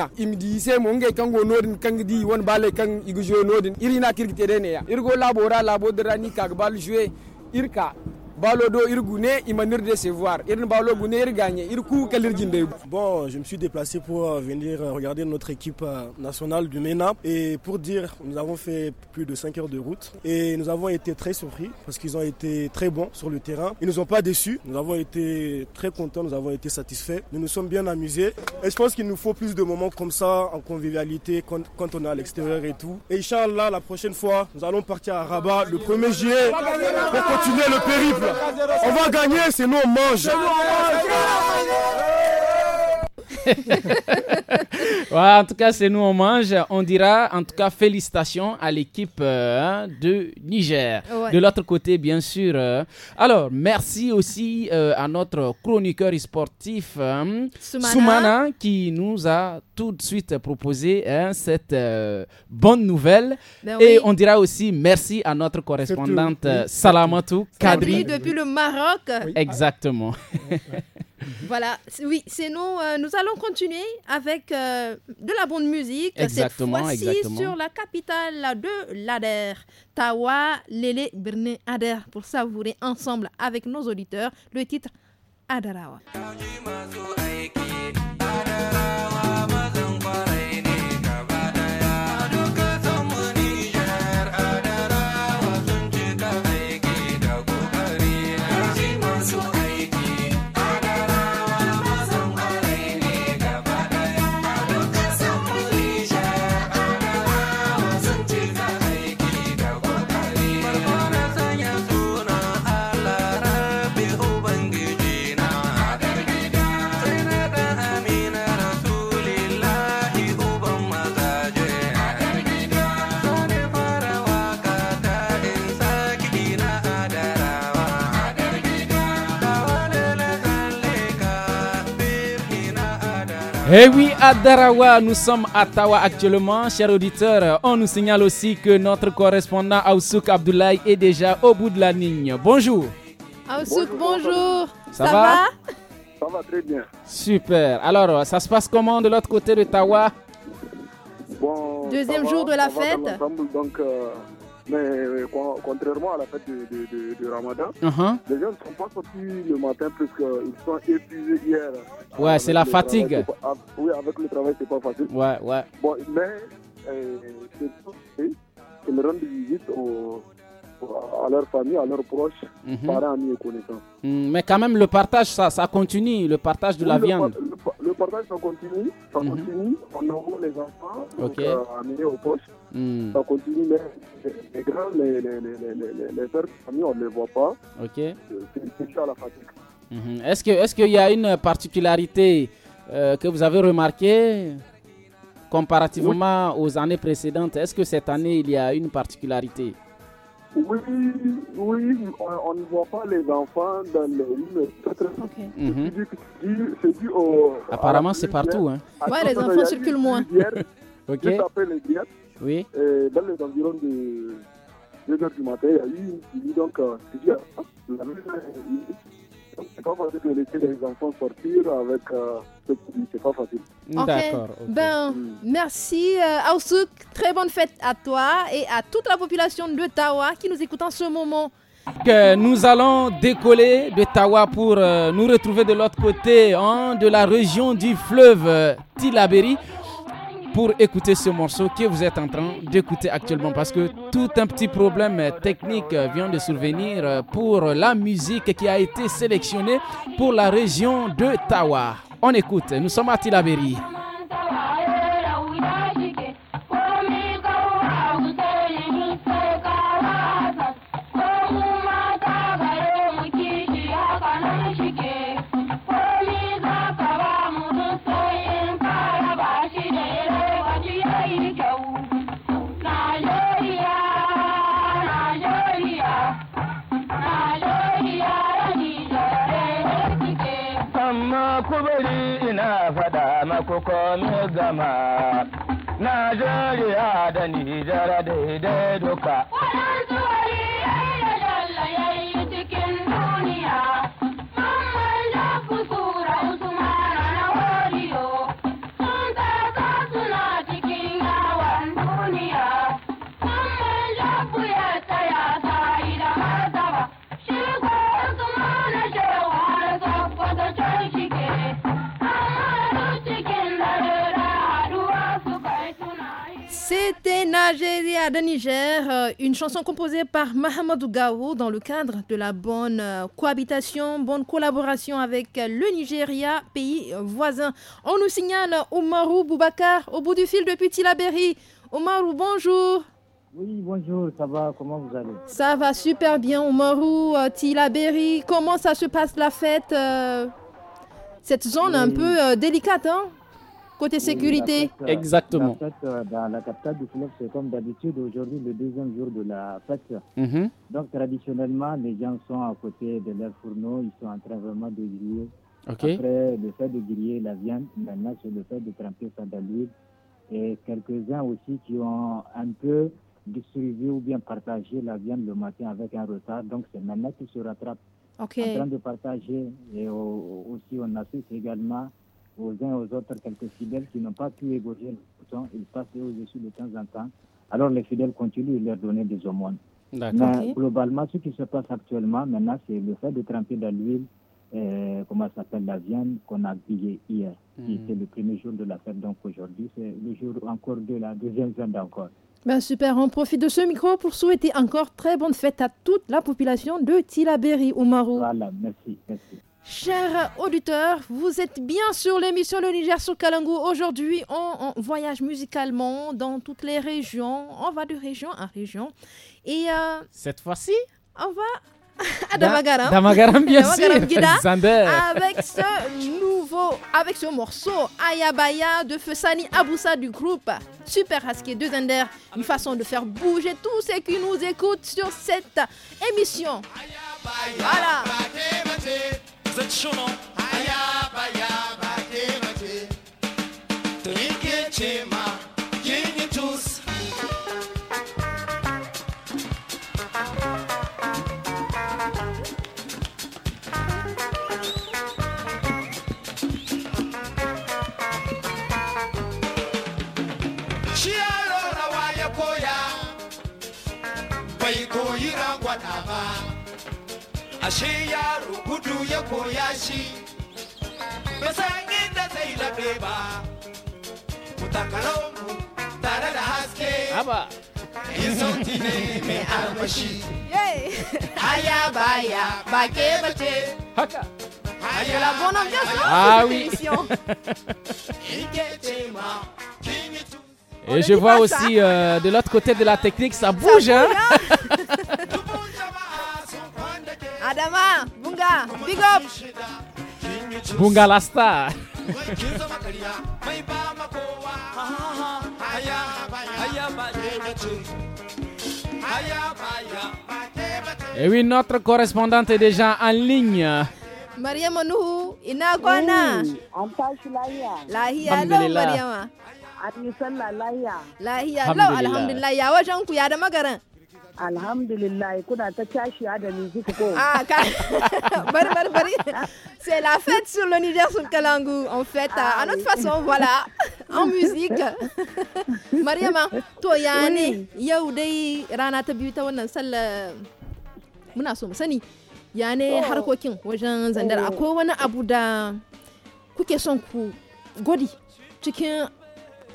se di won bale Kang, igu jo irina kirgite ya irgo labora labo dra ni irka bon je me suis déplacé pour euh, venir euh, regarder notre équipe euh, nationale du MENA et pour dire nous avons fait plus de 5 heures de route et nous avons été très surpris parce qu'ils ont été très bons sur le terrain ils ne nous ont pas déçus nous avons été très contents nous avons été satisfaits nous nous sommes bien amusés et je pense qu'il nous faut plus de moments comme ça en convivialité quand, quand on est à l'extérieur et tout et Inch'Allah la prochaine fois nous allons partir à Rabat le 1er juillet pour continuer le périple on va gagner, sinon on mange. en tout cas, c'est nous, on mange. On dira, en tout cas, félicitations à l'équipe euh, de Niger. De l'autre côté, bien sûr. Euh. alors, merci aussi euh, à notre chroniqueur sportif, Soumana. qui nous a tout de suite proposé hein, cette bonne nouvelle. Ben Et on dira aussi merci à notre correspondante Salamatou Kadri. depuis le Maroc. Exactement. Mhm. Voilà, oui, sinon euh, nous allons continuer avec euh, de la bonne musique. cette fois-ci sur la capitale de l'Ader, Tawa Lele Berné Ader, pour savourer ensemble avec nos auditeurs le titre Adarawa. Eh oui, à Darawa, nous sommes à Tawa actuellement. Chers auditeurs, on nous signale aussi que notre correspondant Aoussouk Abdoulaye est déjà au bout de la ligne. Bonjour. Aoussouk, bonjour. Ça, va, Ça va très bien. Super. Alors, ça se passe comment de l'autre côté de Tawa Deuxième jour de la fête. Euh, mais euh, contrairement à la fête de, Ramadan, uh-huh. les gens ne sont pas sortis le matin parce qu'ils sont épuisés hier. Ouais, c'est la fatigue. oui, avec le travail, c'est pas facile. Ouais, ouais. Bon, mais euh, c'est me rendent visite à leur famille, à leurs proches, mm -hmm. parents, amis et connaissances. Hmm, mais quand même, le partage, ça, ça continue, le partage de la viande. le, partage, ça continue, ça mhm. continue. On envoie les enfants on les euh, amenés aux proches. Hmm. Ça continue, mais les, les grands, les, les, les, les, on ne les voit pas. Ok. C'est ça la fatigue. Mhm. Est-ce qu'il est y a une particularité euh, que vous avez remarquée comparativement aux années précédentes Est-ce que cette année, il y a une particularité oui, oui, on ne voit pas les enfants dans les rues. Okay. Mhm. au. Apparemment, c'est partout. Hein. ouais, les enfants circulent moins. ok. les oui. Et dans les environs de 2 h du matin, il y a eu donc, euh, c'est pas facile de laisser les enfants sortir avec euh, ce c'est pas facile. Mm, ben, mm. merci euh, très bonne fête à toi et à toute la population de Tawa qui nous écoute en ce moment. Que nous allons décoller de Tawa pour euh, nous retrouver de l'autre côté hein, de la région du fleuve Tilaberi pour écouter ce morceau que vous êtes en train d'écouter actuellement parce que tout un petit problème technique vient de survenir pour la musique qui a été sélectionnée pour la région de Tawa. On écoute, nous sommes à Tilaberi. mu komi gama Najeriya da Nijar daidai duka. Nigeria, de Niger, euh, une chanson composée par Mahamadou Gao dans le cadre de la bonne euh, cohabitation, bonne collaboration avec le Nigeria, pays voisin. On nous signale Omarou Boubacar au bout du fil depuis Tilaberi. Omarou, bonjour. Oui, bonjour, ça va, comment vous allez Ça va super bien, Omarou, euh, Tilaberi. Comment ça se passe la fête Cette zone un peu délicate, hein côté sécurité. Exactement. En fait, dans la capitale eh ben, du fleuve, c'est comme d'habitude aujourd'hui le deuxième jour de la fête. Mhm. Donc traditionnellement, les gens sont à côté de leurs fourneaux, ils sont en train vraiment de griller. Après le fait de griller la viande, maintenant c'est le fait de tremper ça dans l'huile. Et quelques-uns aussi qui ont un peu distribué ou bien partagé la viande le matin avec un retard. Donc c'est maintenant qu'ils se rattrapent. Ok. En train de partager. Et aussi on assiste également aux uns et aux autres quelques fidèles qui n'ont pas pu égorger le ils passent au-dessus de temps en temps. Alors les fidèles continuent de leur donner des aumônes. Mais globalement, ce qui se passe actuellement, maintenant, c'est le fait de tremper dans l'huile, euh, comment s'appelle la viande qu'on a grillée hier. C'est hmm. le premier jour de la fête, donc aujourd'hui, c'est le jour encore de la deuxième viande encore. Ben, super, on profite de ce micro pour souhaiter encore très bonne fête à toute la population de Tilaberi, Omarou. Voilà, merci, merci. Chers auditeurs, vous êtes bien sur l'émission Le Niger sur Kalangu. Aujourd'hui, on, voyage musicalement dans toutes les régions. On va de région en région. Et euh, cette fois-ci, on va ah, bien Avec ce nouveau, avec ce morceau, Ayabaya de Fesani Aboussa du groupe Super Husky de Zender Une façon de faire bouger tous ceux qui nous écoutent sur cette émission. Voilà. Et je vois aussi euh, de l'autre côté de la technique, ça bouge. hein, hein. Lema, bunga, up! Bunga lasta. E oui, notre correspondante est déjà en ligne. Maria Nuhu, ina kwana? An tashi lahiya. Maria. lau Mariama. An yi alhamdulillah ya wajen ku ya da magaran. Alhamdulillah kuna ta tashi da musique Ah c'est la fête sur le Niger sur Kalangu en fait ah à notre façon voilà en musique. to ya rana ta sani ya ne oh. harkokin wajen zandar oh. akwai wani abu da kuke son godi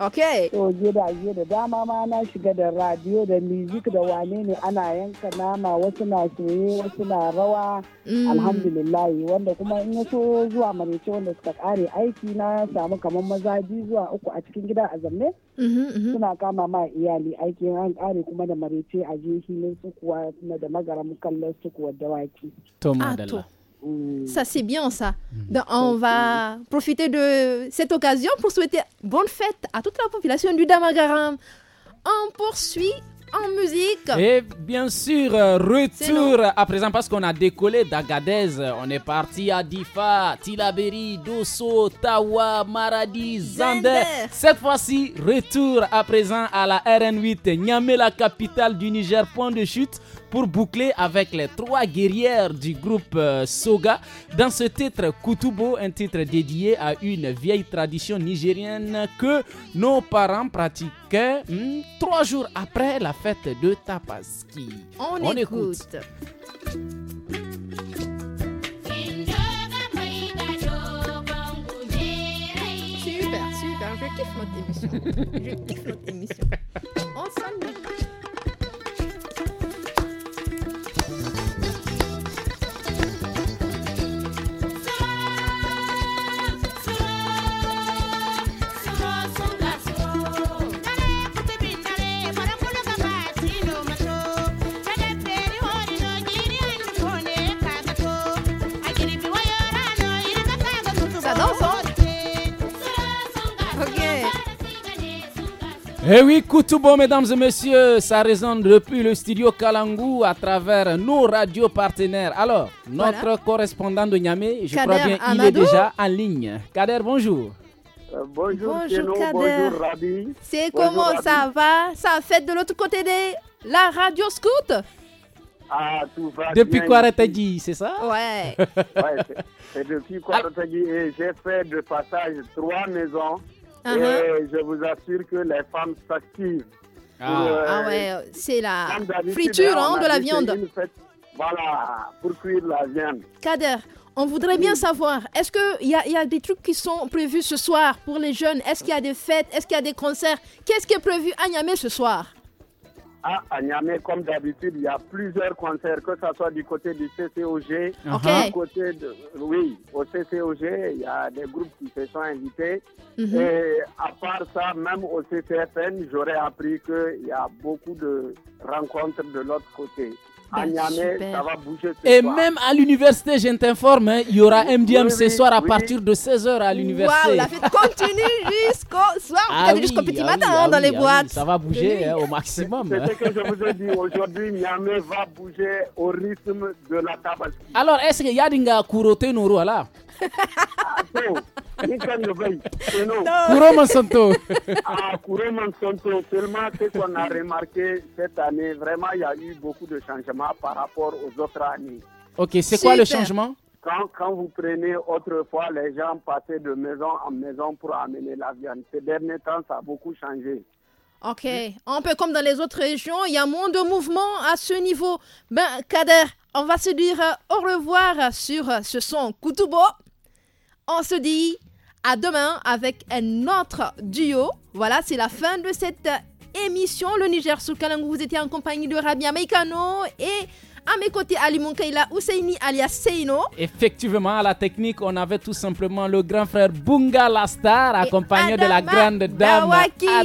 Okay. so gida da dama ma na shiga da radio da music da wane ne ana yanka nama wasu na soye wasu na rawa mm. alhamdulillah wanda kuma in ya so zuwa marece wanda suka kare aiki na samu kamar maza biyu zuwa uku a cikin gida a zanne. Mm-hmm, mm-hmm. Suna kama ma iyali aiki an kare kuma da marece a je su kuwa da magaram kallon su kuwa dawaki. To Ça, c'est bien ça. Mm. on va profiter de cette occasion pour souhaiter bonne fête à toute la population du Damagaram. On poursuit en musique. Et bien sûr, euh, retour à présent parce qu'on a décollé d'Agadez. On est parti à Difa, Tilaberi, Dosso, Tawa, Maradi, Zander. Cette fois-ci, retour à présent à la RN8, Niamey, la capitale du Niger, point de chute pour boucler avec les trois guerrières du groupe euh, Soga dans ce titre Kutubo, un titre dédié à une vieille tradition nigérienne que nos parents pratiquaient hmm, trois jours après la fête de Tapaski. On, écoute. super, super. Je kiffe notre émission. Je kiffe notre émission. On Eh oui, bon mesdames et messieurs, ça résonne depuis le studio Kalangou à travers nos radios partenaires. Alors, notre correspondant de Niamey, je crois bien, il est déjà en ligne. Kader, bonjour. Euh, bonjour, Kader. C'est comment ça va Ça fait de l'autre côté de la radio scout ah, tout va Depuis dit, c'est ça Ouais. ouais c'est depuis dit ah. et j'ai fait de passage trois maisons. Uh-huh. je vous assure que les femmes s'activent. Ah. Euh, ah c'est la hein, friture hein, de la viande. voilà, pour cuire la viande. Kader, on voudrait bien savoir, est-ce qu'il y a, y a des trucs qui sont prévus ce soir pour les jeunes Est-ce qu'il y a des fêtes Est-ce qu'il y a des concerts Qu'est-ce qui est prévu à Niamey ce soir à Niamey, comme d'habitude, il y a plusieurs concerts, que ce soit du côté du CCOG, uh-huh. du côté de, oui, au CCOG, il y a des groupes qui se sont invités. Mm-hmm. Et à part ça, même au CCFN, j'aurais appris qu'il y a beaucoup de rencontres de l'autre côté à ah, ben, va bouger. Et même à l'université, je t'informe, hein, il y aura MDM ce soir à partir de 16h à l'université. Waouh, la fête continue jusqu'au soir, jusqu'au petit matin dans les boîtes. ça va bouger hein, au maximum. C'est ce hein. que je vous ai dit. Aujourd'hui, Niamey va bouger au rythme de la tabac. Alors, est-ce que Yadinga nos Nourou là ah, ni kan Courez Monsanto. ah ce qu'on a remarqué cette année vraiment il y a eu beaucoup de changements par rapport aux autres années ok c'est quoi le changement quand, quand, vous prenez autrefois, les gens passaient de maison en maison pour amener la viande. Ces derniers temps, ça a beaucoup changé. Ok, un peu comme dans les autres régions, il y a moins de mouvements à ce niveau. Ben, Kader, on va se dire au revoir sur ce son Koutoubo. On se dit à demain avec un autre duo. Voilà, c'est la fin de cette émission. Le Niger sur vous étiez en compagnie de Rabia Meikano et à mes côtés, Ali Monkaila Ousseini alias Seino. Effectivement, à la technique, on avait tout simplement le grand frère Bunga la star, accompagné de la grande dame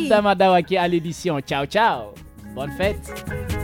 Adama Dawaki à l'édition. Ciao, ciao. Bonne fête.